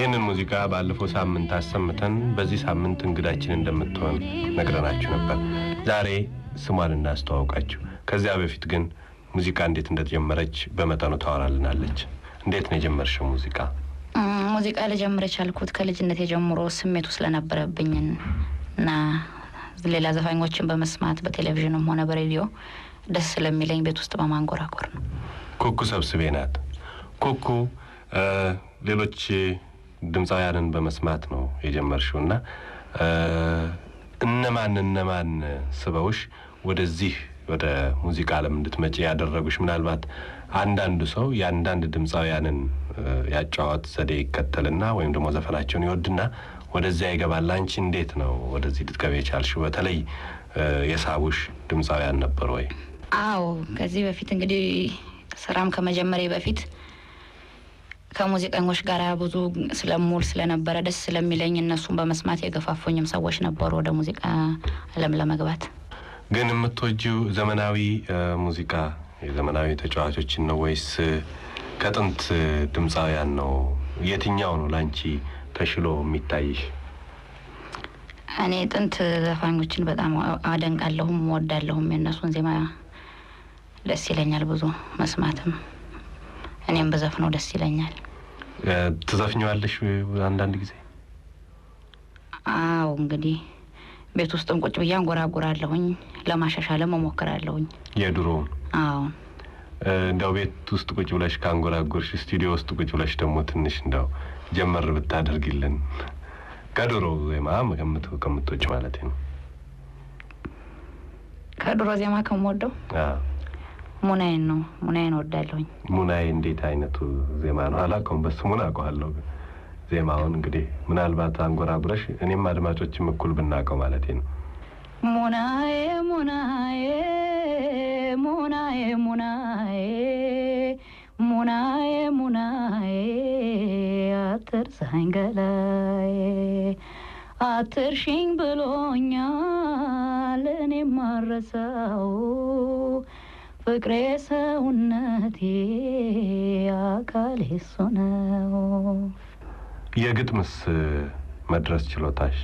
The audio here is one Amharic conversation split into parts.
ይህንን ሙዚቃ ባለፈው ሳምንት አሰምተን በዚህ ሳምንት እንግዳችን እንደምትሆን ነግረናችሁ ነበር። ዛሬ ስሟን እናስተዋውቃችሁ። ከዚያ በፊት ግን ሙዚቃ እንዴት እንደተጀመረች በመጠኑ ታወራልናለች። እንዴት ነው የጀመርሽው ሙዚቃ? ሙዚቃ ልጀምር የቻልኩት ከልጅነት የጀምሮ ስሜቱ ስለነበረብኝን እና ሌላ ዘፋኞችን በመስማት በቴሌቪዥንም ሆነ በሬዲዮ ደስ ስለሚለኝ ቤት ውስጥ በማንጎራጎር ነው። ኩኩ ሰብስቤ ናት። ኩኩ ሌሎች ድምፃውያንን በመስማት ነው የጀመርሽው እና እነማን እነማን ስበውሽ ወደዚህ ወደ ሙዚቃ ዓለም እንድትመጪ ያደረጉሽ? ምናልባት አንዳንዱ ሰው የአንዳንድ ድምፃውያንን ያጫዋት ዘዴ ይከተልና ወይም ደግሞ ዘፈናቸውን ይወድና ወደዚያ ይገባል። አንቺ እንዴት ነው ወደዚህ ልትገቢ የቻልሽው? በተለይ የሳቡሽ ድምፃውያን ነበር ወይ? አዎ ከዚህ በፊት እንግዲህ ስራም ከመጀመሪያ በፊት ከሙዚቀኞች ጋር ብዙ ስለሙል ስለነበረ ደስ ስለሚለኝ እነሱን በመስማት የገፋፉኝም ሰዎች ነበሩ ወደ ሙዚቃ አለም ለመግባት። ግን የምትወጂው ዘመናዊ ሙዚቃ የዘመናዊ ተጫዋቾችን ነው ወይስ ከጥንት ድምፃውያን ነው? የትኛው ነው ለአንቺ ተሽሎ የሚታይሽ? እኔ ጥንት ዘፋኞችን በጣም አደንቃለሁም ወዳለሁም። የእነሱን ዜማ ደስ ይለኛል ብዙ መስማትም እኔም በዘፍነው ደስ ይለኛል። ትዘፍኛዋለሽ አንዳንድ ጊዜ? አዎ እንግዲህ ቤት ውስጥም ቁጭ ብዬ አንጎራጉራለሁኝ፣ ለማሻሻልም እሞክራለሁኝ። የድሮውን? አዎ። እንዲያው ቤት ውስጥ ቁጭ ብለሽ ከአንጎራጎርሽ፣ ስቱዲዮ ውስጥ ቁጭ ብለሽ ደግሞ ትንሽ እንዲያው ጀመር ብታደርግልን ከድሮ ዜማ ከምትወጪ ማለት ነው። ከድሮ ዜማ ከምወደው ሙናዬን ነው። ሙናዬን ወዳለሁኝ። ሙናዬ እንዴት አይነቱ ዜማ ነው? አላውቀውም። በስሙን አውቀዋለሁ ዜማውን እንግዲህ ምናልባት አንጎራጉረሽ እኔም አድማጮችም እኩል ብናውቀው ማለቴ ነው። ሙናዬ ሙናዬ ሙናዬ ሙናዬ ሙናዬ ሙናዬ አትርሳኝ ገላዬ አትርሽኝ ብሎኛል እኔም አረሳው ፍቅሬ ሰውነቴ አካል ሱ ነው። የግጥምስ መድረስ ችሎታሽ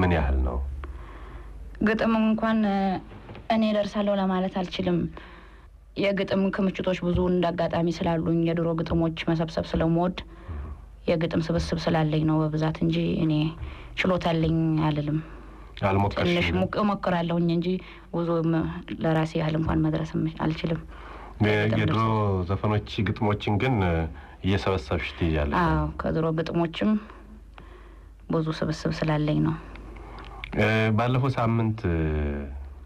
ምን ያህል ነው? ግጥም እንኳን እኔ ደርሳለሁ ለማለት አልችልም። የግጥም ክምችቶች ብዙ እንዳጋጣሚ ስላሉኝ የድሮ ግጥሞች መሰብሰብ ስለምወድ የግጥም ስብስብ ስላለኝ ነው በብዛት እንጂ እኔ ችሎታ አለኝ አልልም። ትንሽ ሙቅ እሞክራለሁኝ እንጂ ጉዞም ለራሴ ያህል እንኳን መድረስ አልችልም። የድሮ ዘፈኖች ግጥሞችን ግን እየሰበሰብሽ ትይዣለሽ? አዎ፣ ከድሮ ግጥሞችም ብዙ ስብስብ ስላለኝ ነው። ባለፈው ሳምንት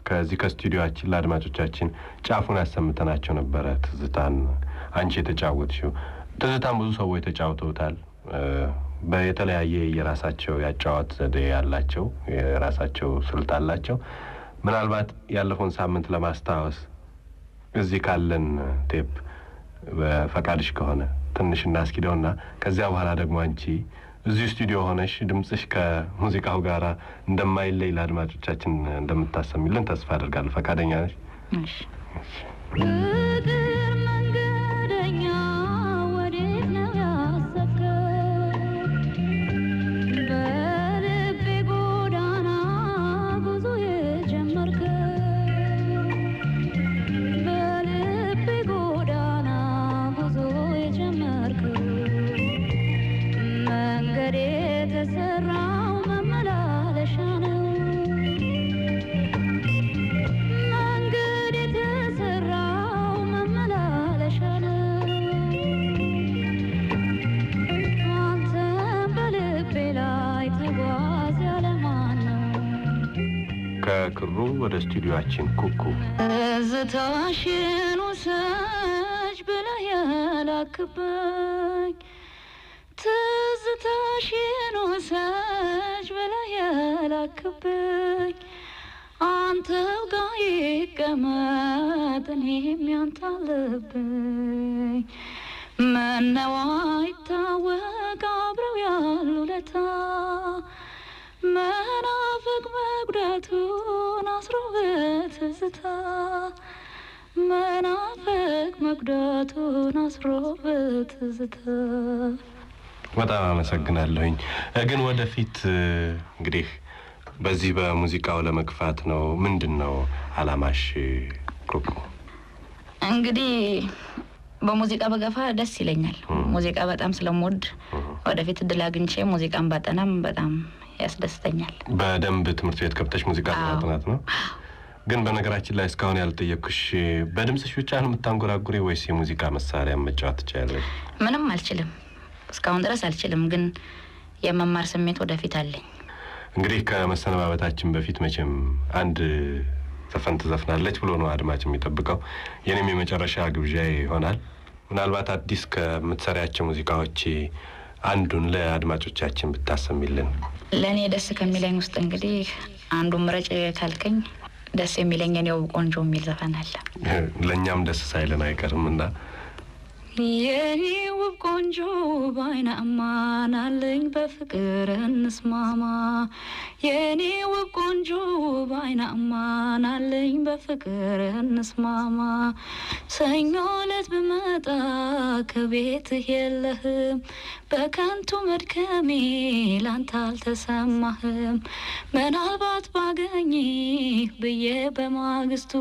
ከዚህ ከስቱዲዮችን ለአድማጮቻችን ጫፉን አሰምተናቸው ነበረ። ትዝታን አንቺ የተጫወትሽው ትዝታን ብዙ ሰዎች ተጫውተውታል። በየተለያየ የራሳቸው ያጫዋት ዘዴ ያላቸው የራሳቸው ስልት አላቸው። ምናልባት ያለፈውን ሳምንት ለማስታወስ እዚህ ካለን ቴፕ በፈቃድሽ ከሆነ ትንሽ እናስኪደውና ከዚያ በኋላ ደግሞ አንቺ እዚሁ ስቱዲዮ ሆነሽ ድምፅሽ ከሙዚቃው ጋር እንደማይለይ ለአድማጮቻችን እንደምታሰሚልን ተስፋ አደርጋለሁ። ፈቃደኛ ነሽ? ከክሩ ወደ ስቱዲዮችን ኩኩ እዝታሽን ውሰጅ ብለህ ያላክበኝ ትዝታሽን ውሰጅ ብለህ ያላክበኝ አንተው ጋር ይቀመጥ እኔም ያንተ አለብኝ መነዋ ይታወቅ አብረው ያሉ ለታ መናፈቅ ጉዳቱን አስሮ በትዝታ መናፈቅ መጉዳቱን አስሮ በትዝታ በጣም አመሰግናለሁኝ። ግን ወደፊት እንግዲህ በዚህ በሙዚቃው ለመግፋት ነው። ምንድን ነው አላማሽ? ግሩፕ እንግዲህ በሙዚቃ በገፋ ደስ ይለኛል። ሙዚቃ በጣም ስለምወድ ወደፊት እድል አግኝቼ ሙዚቃን ባጠናም በጣም ያስደስተኛል። በደንብ ትምህርት ቤት ከብተሽ ሙዚቃ ጥናት ነው። ግን በነገራችን ላይ እስካሁን ያልጠየቅኩሽ በድምፅሽ ብቻ ነው የምታንጎራጉሪ ወይስ የሙዚቃ መሳሪያ መጫወት ትችያለሽ? ምንም አልችልም፣ እስካሁን ድረስ አልችልም። ግን የመማር ስሜት ወደፊት አለኝ። እንግዲህ ከመሰነባበታችን በፊት መቼም አንድ ዘፈን ትዘፍናለች ብሎ ነው አድማጭ የሚጠብቀው። የኔም የመጨረሻ ግብዣ ይሆናል። ምናልባት አዲስ ከምትሰሪያቸው ሙዚቃዎች አንዱን ለአድማጮቻችን ብታሰሚልን። ለእኔ ደስ ከሚለኝ ውስጥ እንግዲህ አንዱን ምረጭ ካልከኝ ደስ የሚለኝ እኔው ቆንጆ የሚል ዘፈን አለ። ለእኛም ደስ ሳይለን አይቀርም እና የኔ ውብ ቆንጆ ባይና እማናለኝ በፍቅር እንስማማ የኔ ውብ ቆንጆ ባይና እማናለኝ በፍቅር እንስማማ ሰኞ ዕለት ብመጣ ከቤትህ የለህም በከንቱ መድከሜ ላንተ አልተሰማህም። ምናልባት ባገኝ ብዬ በማግስቱ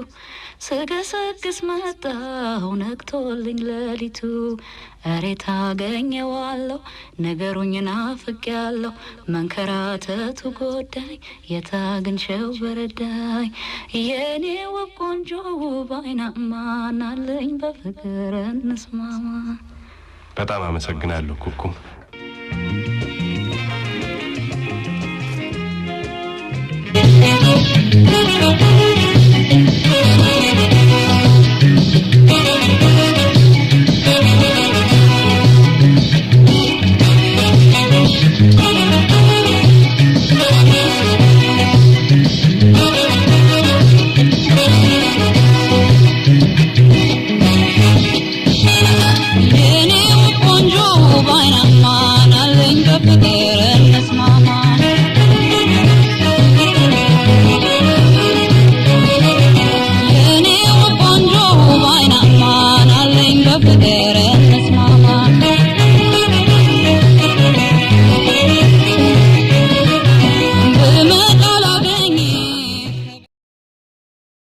ስገሰግስ መጣሁ ነግቶልኝ ለሊቱ። እሬ ታገኘዋለሁ ነገሩኝ ናፍቄያለሁ። መንከራተቱ ጎዳኝ የታግንሸው በረዳኝ የእኔ ውብ ቆንጆ ውብ አይናማናለኝ በፍቅር እንስማማ በጣም አመሰግናለሁ ኩኩም። Thank you.